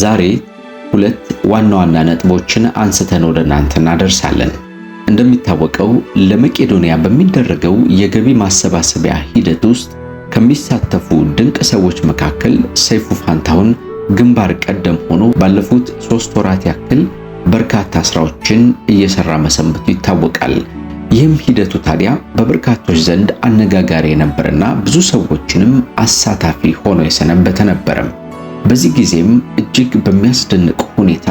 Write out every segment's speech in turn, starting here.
ዛሬ ሁለት ዋና ዋና ነጥቦችን አንስተን ወደ እናንተ እናደርሳለን። እንደሚታወቀው ለመቄዶንያ በሚደረገው የገቢ ማሰባሰቢያ ሂደት ውስጥ ከሚሳተፉ ድንቅ ሰዎች መካከል ሰይፉ ፋንታሁን ግንባር ቀደም ሆኖ ባለፉት ሶስት ወራት ያክል በርካታ ስራዎችን እየሰራ መሰንበቱ ይታወቃል። ይህም ሂደቱ ታዲያ በበርካቶች ዘንድ አነጋጋሪ የነበረና ብዙ ሰዎችንም አሳታፊ ሆኖ የሰነበተ ነበረም። በዚህ ጊዜም እጅግ በሚያስደንቅ ሁኔታ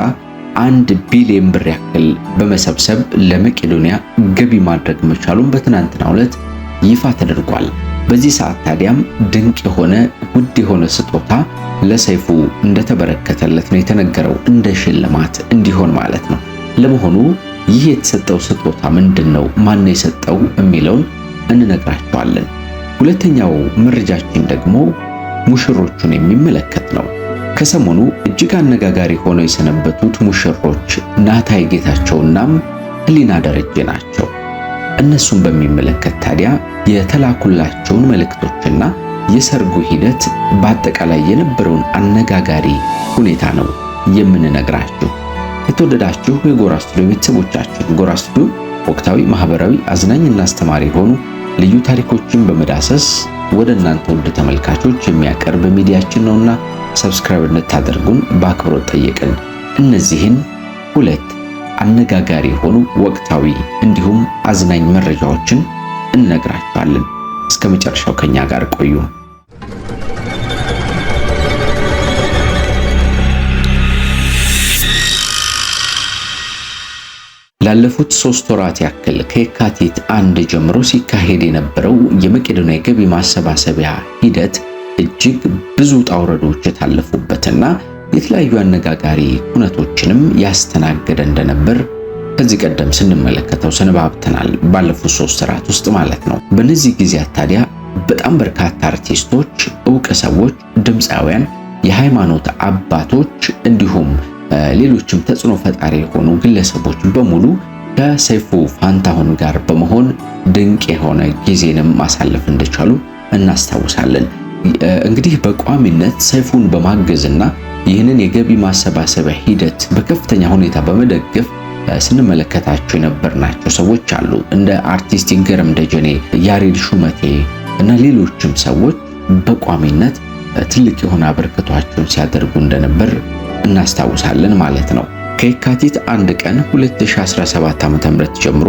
አንድ ቢሊዮን ብር ያክል በመሰብሰብ ለመቄዶንያ ገቢ ማድረግ መቻሉን በትናንትናው ዕለት ይፋ ተደርጓል። በዚህ ሰዓት ታዲያም ድንቅ የሆነ ውድ የሆነ ስጦታ ለሰይፉ እንደተበረከተለት ነው የተነገረው፣ እንደ ሽልማት እንዲሆን ማለት ነው። ለመሆኑ ይህ የተሰጠው ስጦታ ምንድን ነው? ማን ነው የሰጠው የሚለውን እንነግራቸዋለን። ሁለተኛው መረጃችን ደግሞ ሙሽሮቹን የሚመለከት ነው። ከሰሞኑ እጅግ አነጋጋሪ ሆነው የሰነበቱት ሙሽሮች ናታይ ጌታቸውናም ህሊና ደረጀ ናቸው። እነሱን በሚመለከት ታዲያ የተላኩላቸውን መልእክቶችና የሰርጉ ሂደት በአጠቃላይ የነበረውን አነጋጋሪ ሁኔታ ነው የምንነግራችሁ። የተወደዳችሁ የጎራ ስቱዲዮ ቤተሰቦቻችን፣ ጎራ ስቱዲዮ ወቅታዊ፣ ማህበራዊ፣ አዝናኝና አስተማሪ የሆኑ ልዩ ታሪኮችን በመዳሰስ ወደ እናንተ ውድ ተመልካቾች የሚያቀርብ ሚዲያችን ነውና ሰብስክራይብ እንድታደርጉን በአክብሮት ጠየቅን። እነዚህን ሁለት አነጋጋሪ የሆኑ ወቅታዊ እንዲሁም አዝናኝ መረጃዎችን እንነግራችኋለን። እስከ መጨረሻው ከኛ ጋር ቆዩ። ላለፉት ሶስት ወራት ያክል ከየካቲት አንድ ጀምሮ ሲካሄድ የነበረው የመቄዶንያ የገቢ ማሰባሰቢያ ሂደት እጅግ ብዙ ጣውረዶች የታለፉበትና የተለያዩ አነጋጋሪ ሁነቶችንም ያስተናገደ እንደነበር ከዚህ ቀደም ስንመለከተው ሰነባብተናል። ባለፉት ሶስት ስርዓት ውስጥ ማለት ነው። በነዚህ ጊዜያት ታዲያ በጣም በርካታ አርቲስቶች፣ እውቅ ሰዎች፣ ድምፃውያን፣ የሃይማኖት አባቶች እንዲሁም ሌሎችም ተጽዕኖ ፈጣሪ የሆኑ ግለሰቦች በሙሉ ከሰይፉ ፋንታሁን ጋር በመሆን ድንቅ የሆነ ጊዜንም ማሳለፍ እንደቻሉ እናስታውሳለን። እንግዲህ በቋሚነት ሰይፉን በማገዝና ይህንን የገቢ ማሰባሰቢያ ሂደት በከፍተኛ ሁኔታ በመደገፍ ስንመለከታቸው ናቸው ሰዎች አሉ። እንደ አርቲስት ይገረም ደጀኔ፣ ያሬድ ሹመቴ እና ሌሎችም ሰዎች በቋሚነት ትልቅ የሆነ አበርክቷቸውን ሲያደርጉ እንደነበር እናስታውሳለን ማለት ነው። ከየካቲት አንድ ቀን 2017 ዓ.ም ጀምሮ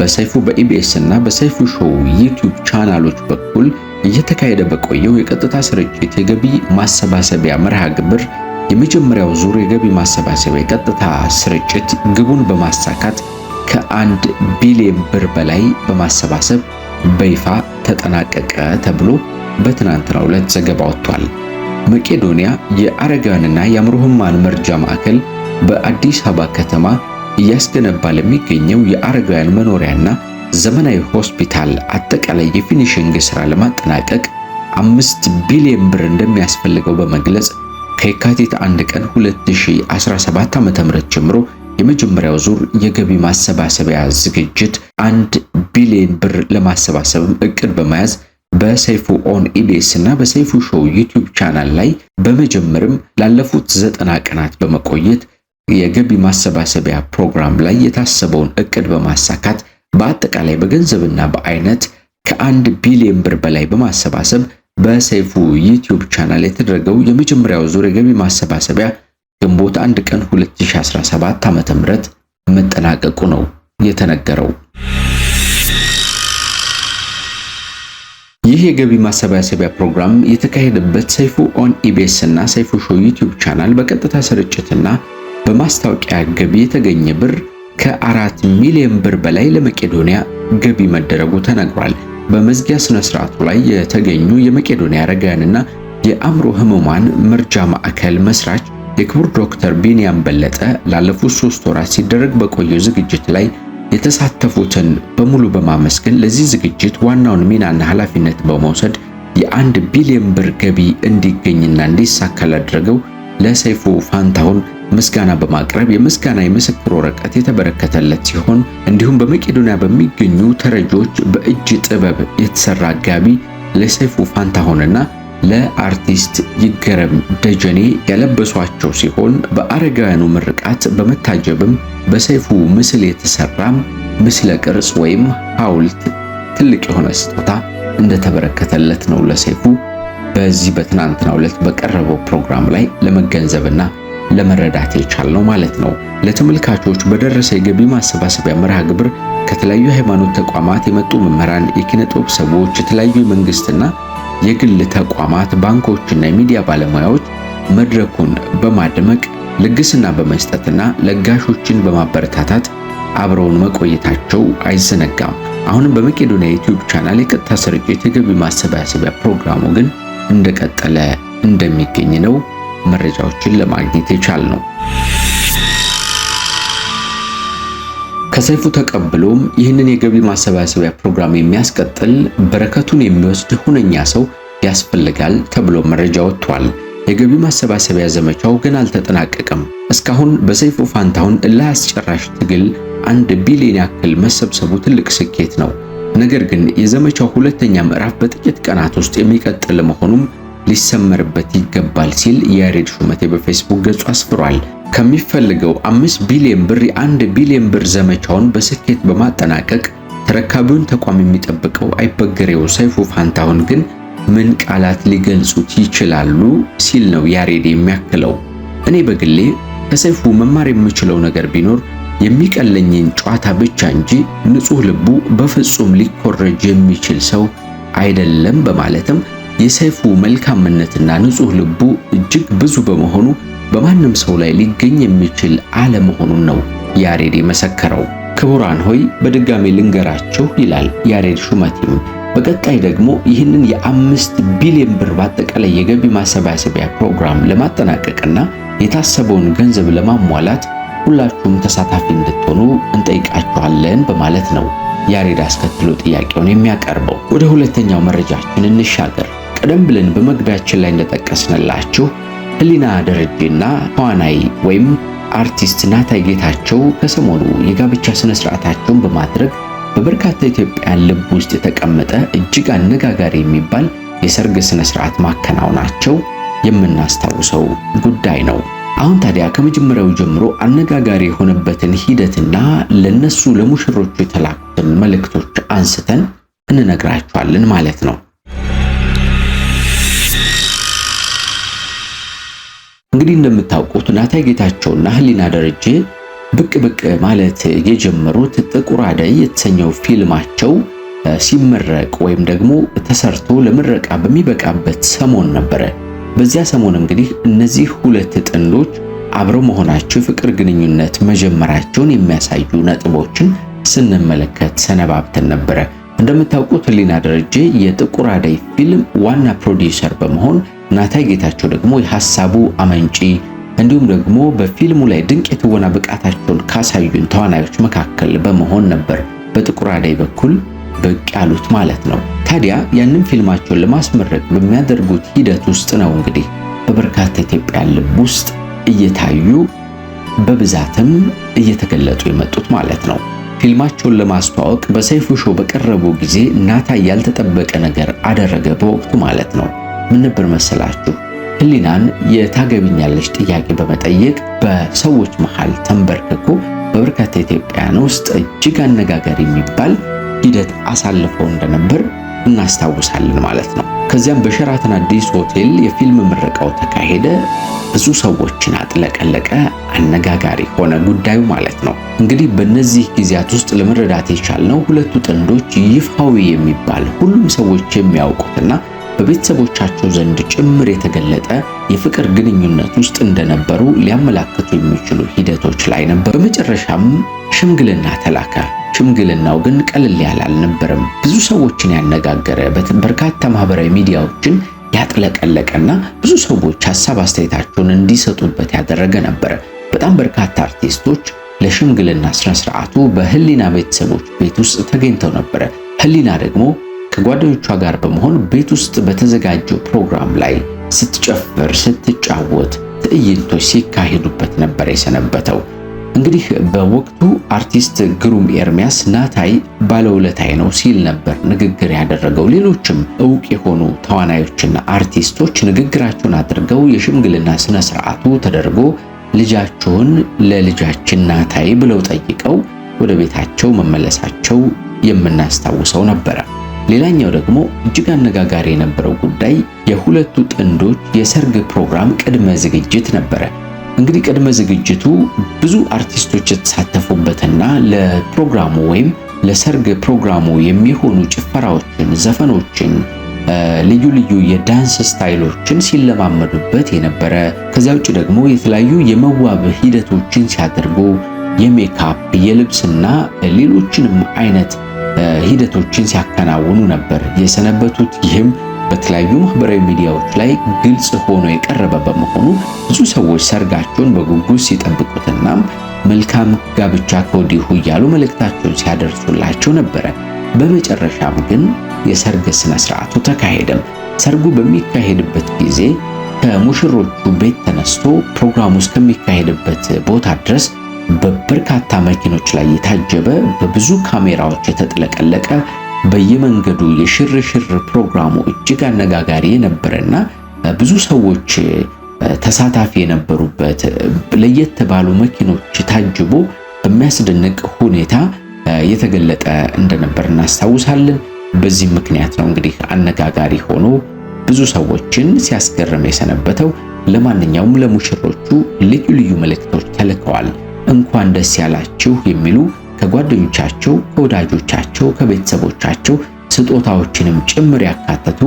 በሰይፉ በኢቢኤስ እና በሰይፉ ሾው ዩቲዩብ ቻናሎች በኩል እየተካሄደ በቆየው የቀጥታ ስርጭት የገቢ ማሰባሰቢያ መርሃ ግብር የመጀመሪያው ዙር የገቢ ማሰባሰቢያ የቀጥታ ስርጭት ግቡን በማሳካት ከአንድ ቢሊዮን ብር በላይ በማሰባሰብ በይፋ ተጠናቀቀ ተብሎ በትናንትናው ዕለት ዘገባ ወጥቷል። መቄዶንያ የአረጋውያንና የአእምሮ ሕሙማን መርጃ ማዕከል በአዲስ አበባ ከተማ እያስገነባ ለሚገኘው የአረጋውያን መኖሪያና ዘመናዊ ሆስፒታል አጠቃላይ የፊኒሽንግ ስራ ለማጠናቀቅ አምስት ቢሊዮን ብር እንደሚያስፈልገው በመግለጽ ከየካቲት 1 ቀን 2017 ዓ.ም ጀምሮ የመጀመሪያው ዙር የገቢ ማሰባሰቢያ ዝግጅት አንድ ቢሊዮን ብር ለማሰባሰብም እቅድ በመያዝ በሰይፉ ኦን ኢቢኤስ እና በሰይፉ ሾው ዩቲዩብ ቻናል ላይ በመጀመርም ላለፉት ዘጠና ቀናት በመቆየት የገቢ ማሰባሰቢያ ፕሮግራም ላይ የታሰበውን እቅድ በማሳካት በአጠቃላይ በገንዘብና በአይነት ከአንድ ቢሊዮን ብር በላይ በማሰባሰብ በሰይፉ ዩቲዩብ ቻናል የተደረገው የመጀመሪያው ዙር የገቢ ማሰባሰቢያ ግንቦት 1 ቀን 2017 ዓ.ም መጠናቀቁ ነው የተነገረው። ይህ የገቢ ማሰባሰቢያ ፕሮግራም የተካሄደበት ሰይፉ ኦን ኢቢኤስ እና ሰይፉ ሾው ዩቲዩብ ቻናል በቀጥታ ስርጭትና በማስታወቂያ ገቢ የተገኘ ብር ከአራት ሚሊዮን ብር በላይ ለመቄዶንያ ገቢ መደረጉ ተነግሯል። በመዝጊያ ስነ ስርዓቱ ላይ የተገኙ የመቄዶንያ አረጋውያንና የአእምሮ ህሙማን መርጃ ማዕከል መስራች የክቡር ዶክተር ቢንያም በለጠ ላለፉት ሶስት ወራት ሲደረግ በቆየው ዝግጅት ላይ የተሳተፉትን በሙሉ በማመስገን ለዚህ ዝግጅት ዋናውን ሚናና ኃላፊነት በመውሰድ የአንድ ቢሊዮን ብር ገቢ እንዲገኝና እንዲሳካ ላደረገው ለሰይፉ ፋንታሁን ምስጋና በማቅረብ የምስጋና የምስክር ወረቀት የተበረከተለት ሲሆን እንዲሁም በመቄዶንያ በሚገኙ ተረጆች በእጅ ጥበብ የተሰራ ጋቢ ለሰይፉ ፋንታሁንና ለአርቲስት ይገረም ደጀኔ ያለበሷቸው ሲሆን በአረጋውያኑ ምርቃት በመታጀብም በሰይፉ ምስል የተሰራ ምስለ ቅርጽ ወይም ሐውልት ትልቅ የሆነ ስጦታ እንደተበረከተለት ነው ለሰይፉ በዚህ በትናንትናው ዕለት በቀረበው ፕሮግራም ላይ ለመገንዘብና ለመረዳት የቻልነው ማለት ነው። ለተመልካቾች በደረሰ የገቢ ማሰባሰቢያ መርሃ ግብር ከተለያዩ ሃይማኖት ተቋማት የመጡ መምህራን፣ የኪነ ሰዎች፣ የተለያዩ የመንግስትና የግል ተቋማት፣ ባንኮችና የሚዲያ ባለሙያዎች መድረኩን በማድመቅ ልግስና በመስጠትና ለጋሾችን በማበረታታት አብረውን መቆየታቸው አይዘነጋም። አሁንም በመቄዶንያ ዩቲዩብ ቻናል የቀጥታ ስርጭት የገቢ ማሰባሰቢያ ፕሮግራሙ ግን እንደቀጠለ እንደሚገኝ ነው። መረጃዎችን ለማግኘት ነው። ከሰይፉ ተቀብሎም ይህንን የገቢ ማሰባሰቢያ ፕሮግራም የሚያስቀጥል በረከቱን የሚወስድ ሁነኛ ሰው ያስፈልጋል ተብሎ መረጃ ወጥቷል። የገቢ ማሰባሰቢያ ዘመቻው ግን አልተጠናቀቀም። እስካሁን በሰይፉ ፋንታሁን እልህ አስጨራሽ ትግል አንድ ቢሊዮን ያክል መሰብሰቡ ትልቅ ስኬት ነው። ነገር ግን የዘመቻው ሁለተኛ ምዕራፍ በጥቂት ቀናት ውስጥ የሚቀጥል መሆኑም ሊሰመርበት ይገባል ሲል የሬድ ሹመቴ በፌስቡክ ገጹ አስፍሯል። ከሚፈልገው አምስት ቢሊዮን ብር የአንድ ቢሊዮን ብር ዘመቻውን በስኬት በማጠናቀቅ ተረካቢውን ተቋም የሚጠብቀው አይበገሬው ሰይፉ ፋንታሁን ግን ምን ቃላት ሊገልጹት ይችላሉ ሲል ነው ያሬድ የሚያክለው። እኔ በግሌ ከሰይፉ መማር የምችለው ነገር ቢኖር የሚቀለኝን ጨዋታ ብቻ እንጂ ንጹህ ልቡ በፍጹም ሊኮረጅ የሚችል ሰው አይደለም በማለትም የሰይፉ መልካምነትና ንጹህ ልቡ እጅግ ብዙ በመሆኑ በማንም ሰው ላይ ሊገኝ የሚችል አለመሆኑን ነው ያሬድ የመሰከረው። ክቡራን ሆይ በድጋሜ ልንገራችሁ ይላል ያሬድ ሹመቲም። በቀጣይ ደግሞ ይህንን የአምስት ቢሊዮን ብር በአጠቃላይ የገቢ ማሰባሰቢያ ፕሮግራም ለማጠናቀቅና የታሰበውን ገንዘብ ለማሟላት ሁላችሁም ተሳታፊ እንድትሆኑ እንጠይቃችኋለን በማለት ነው ያሬድ አስከትሎ ጥያቄውን የሚያቀርበው። ወደ ሁለተኛው መረጃችን እንሻገር። ቀደም ብለን በመግቢያችን ላይ እንደጠቀስንላችሁ ህሊና ደረጀና ተዋናይ ወይም አርቲስት ናታይ ጌታቸው ከሰሞኑ የጋብቻ ስነ ስርዓታቸውን በማድረግ በበርካታ ኢትዮጵያን ልብ ውስጥ የተቀመጠ እጅግ አነጋጋሪ የሚባል የሰርግ ስነ ስርዓት ማከናወናቸው የምናስታውሰው ጉዳይ ነው። አሁን ታዲያ ከመጀመሪያው ጀምሮ አነጋጋሪ የሆነበትን ሂደትና ለነሱ ለሙሽሮቹ የተላኩትን መልእክቶች አንስተን እንነግራችኋለን ማለት ነው። እንግዲህ እንደምታውቁት ናታይ ጌታቸውና ህሊና ደረጀ ብቅ ብቅ ማለት የጀመሩት ጥቁር አደይ የተሰኘው ፊልማቸው ሲመረቅ ወይም ደግሞ ተሰርቶ ለምረቃ በሚበቃበት ሰሞን ነበረ። በዚያ ሰሞን እንግዲህ እነዚህ ሁለት ጥንዶች አብረው መሆናቸው ፍቅር ግንኙነት መጀመራቸውን የሚያሳዩ ነጥቦችን ስንመለከት ሰነባብተን ነበረ። እንደምታውቁት ህሊና ደረጀ የጥቁር አደይ ፊልም ዋና ፕሮዲውሰር በመሆን ናታይ ጌታቸው ደግሞ የሐሳቡ አመንጪ እንዲሁም ደግሞ በፊልሙ ላይ ድንቅ የትወና ብቃታቸውን ካሳዩን ተዋናዮች መካከል በመሆን ነበር በጥቁር አደይ በኩል ብቅ ያሉት ማለት ነው። ታዲያ ያንን ፊልማቸውን ለማስመረቅ በሚያደርጉት ሂደት ውስጥ ነው እንግዲህ በበርካታ ኢትዮጵያ ልብ ውስጥ እየታዩ በብዛትም እየተገለጡ የመጡት ማለት ነው። ፊልማቸውን ለማስተዋወቅ በሰይፉ ሾው በቀረቡ ጊዜ ናታይ ያልተጠበቀ ነገር አደረገ በወቅቱ ማለት ነው። ምን ነበር መሰላችሁ? ህሊናን የታገቢኛለች ጥያቄ በመጠየቅ በሰዎች መሃል ተንበርክኮ በበርካታ ኢትዮጵያውያን ውስጥ እጅግ አነጋጋሪ የሚባል ሂደት አሳልፈው እንደነበር እናስታውሳለን ማለት ነው። ከዚያም በሸራተን አዲስ ሆቴል የፊልም ምረቃው ተካሄደ። ብዙ ሰዎችን አጥለቀለቀ። አነጋጋሪ ሆነ ጉዳዩ ማለት ነው። እንግዲህ በእነዚህ ጊዜያት ውስጥ ለመረዳት የቻልነው ሁለቱ ጥንዶች ይፋዊ የሚባል ሁሉም ሰዎች የሚያውቁትና በቤተሰቦቻቸው ዘንድ ጭምር የተገለጠ የፍቅር ግንኙነት ውስጥ እንደነበሩ ሊያመላክቱ የሚችሉ ሂደቶች ላይ ነበር። በመጨረሻም ሽምግልና ተላከ። ሽምግልናው ግን ቀለል ያለ አልነበረም። ብዙ ሰዎችን ያነጋገረ በርካታ ማህበራዊ ሚዲያዎችን ያጥለቀለቀና ብዙ ሰዎች ሀሳብ አስተያየታቸውን እንዲሰጡበት ያደረገ ነበር። በጣም በርካታ አርቲስቶች ለሽምግልና ስነ ስርዓቱ በህሊና ቤተሰቦች ቤት ውስጥ ተገኝተው ነበረ። ህሊና ደግሞ ከጓደኞቿ ጋር በመሆን ቤት ውስጥ በተዘጋጀው ፕሮግራም ላይ ስትጨፍር፣ ስትጫወት ትዕይንቶች ሲካሄዱበት ነበር የሰነበተው። እንግዲህ በወቅቱ አርቲስት ግሩም ኤርሚያስ ናታይ ባለውለታይ ነው ሲል ነበር ንግግር ያደረገው። ሌሎችም እውቅ የሆኑ ተዋናዮችና አርቲስቶች ንግግራቸውን አድርገው የሽምግልና ስነ ስርዓቱ ተደርጎ ልጃቸውን ለልጃችን ናታይ ብለው ጠይቀው ወደ ቤታቸው መመለሳቸው የምናስታውሰው ነበረ። ሌላኛው ደግሞ እጅግ አነጋጋሪ የነበረው ጉዳይ የሁለቱ ጥንዶች የሰርግ ፕሮግራም ቅድመ ዝግጅት ነበረ። እንግዲህ ቅድመ ዝግጅቱ ብዙ አርቲስቶች የተሳተፉበትና ለፕሮግራሙ ወይም ለሰርግ ፕሮግራሙ የሚሆኑ ጭፈራዎችን፣ ዘፈኖችን፣ ልዩ ልዩ የዳንስ ስታይሎችን ሲለማመዱበት የነበረ ከዚያ ውጭ ደግሞ የተለያዩ የመዋብ ሂደቶችን ሲያደርጉ የሜካፕ የልብስና ሌሎችንም አይነት ሂደቶችን ሲያከናውኑ ነበር የሰነበቱት። ይህም በተለያዩ ማህበራዊ ሚዲያዎች ላይ ግልጽ ሆኖ የቀረበ በመሆኑ ብዙ ሰዎች ሰርጋቸውን በጉጉት ሲጠብቁትና መልካም ጋብቻ ከወዲሁ እያሉ መልእክታቸውን ሲያደርሱላቸው ነበረ። በመጨረሻም ግን የሰርግ ስነ ስርዓቱ ተካሄደም። ሰርጉ በሚካሄድበት ጊዜ ከሙሽሮቹ ቤት ተነስቶ ፕሮግራሙ እስከሚካሄድበት ቦታ ድረስ በበርካታ መኪኖች ላይ የታጀበ በብዙ ካሜራዎች የተጥለቀለቀ በየመንገዱ የሽርሽር ፕሮግራሙ እጅግ አነጋጋሪ የነበረና ብዙ ሰዎች ተሳታፊ የነበሩበት ለየት ባሉ መኪኖች ታጅቦ በሚያስደንቅ ሁኔታ የተገለጠ እንደነበር እናስታውሳለን። በዚህ ምክንያት ነው እንግዲህ አነጋጋሪ ሆኖ ብዙ ሰዎችን ሲያስገርም የሰነበተው። ለማንኛውም ለሙሽሮቹ ልዩ ልዩ መልእክቶች ተልከዋል። እንኳን ደስ ያላችሁ የሚሉ ከጓደኞቻቸው፣ ከወዳጆቻቸው፣ ከቤተሰቦቻቸው ስጦታዎችንም ጭምር ያካተቱ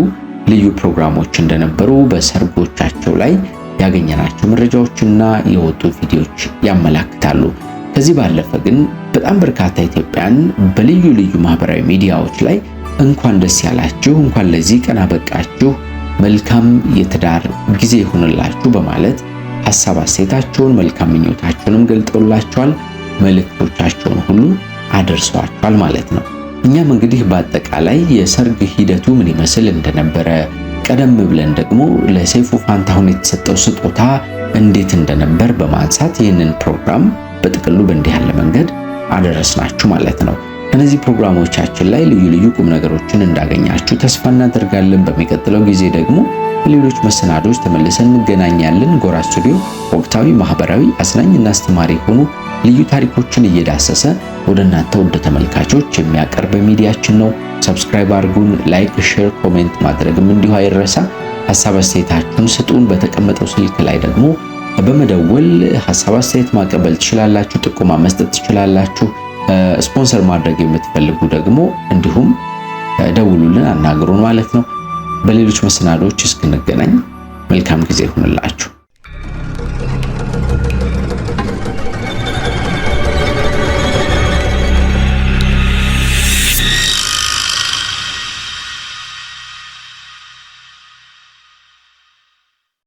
ልዩ ፕሮግራሞች እንደነበሩ በሰርጎቻቸው ላይ ያገኘናቸው መረጃዎችና የወጡ ቪዲዮዎች ያመላክታሉ። ከዚህ ባለፈ ግን በጣም በርካታ ኢትዮጵያን በልዩ ልዩ ማህበራዊ ሚዲያዎች ላይ እንኳን ደስ ያላችሁ፣ እንኳን ለዚህ ቀን አበቃችሁ፣ መልካም የትዳር ጊዜ ይሁንላችሁ በማለት ሐሳብ አስተያየታቸውን፣ መልካም ምኞታችሁንም ገልጠውላቸዋል። መልእክቶቻቸውን ሁሉ አደርሷቸዋል ማለት ነው። እኛም እንግዲህ በአጠቃላይ የሰርግ ሂደቱ ምን ይመስል እንደነበረ ቀደም ብለን ደግሞ ለሰይፉ ፋንታሁን የተሰጠው ስጦታ እንዴት እንደነበር በማንሳት ይህንን ፕሮግራም በጥቅሉ በእንዲህ ያለ መንገድ አደረስናችሁ ማለት ነው። ከነዚህ ፕሮግራሞቻችን ላይ ልዩ ልዩ ቁም ነገሮችን እንዳገኛችሁ ተስፋ እናደርጋለን። በሚቀጥለው ጊዜ ደግሞ በሌሎች መሰናዶች ተመልሰን እንገናኛለን። ጎራ ስቱዲዮ ወቅታዊ፣ ማህበራዊ፣ አዝናኝና አስተማሪ የሆኑ ልዩ ታሪኮችን እየዳሰሰ ወደ እናንተ ወደ ተመልካቾች የሚያቀርብ ሚዲያችን ነው። ሰብስክራይብ አድርጉን። ላይክ፣ ሼር፣ ኮሜንት ማድረግም እንዲሁ አይረሳ። ሀሳብ አስተያየታችሁን ስጡን። በተቀመጠው ስልክ ላይ ደግሞ በመደወል ሀሳብ አስተያየት ማቀበል ትችላላችሁ። ጥቆማ መስጠት ትችላላችሁ። ስፖንሰር ማድረግ የምትፈልጉ ደግሞ እንዲሁም ደውሉልን፣ አናግሩን ማለት ነው። በሌሎች መሰናዶዎች እስክንገናኝ መልካም ጊዜ ይሁንላችሁ።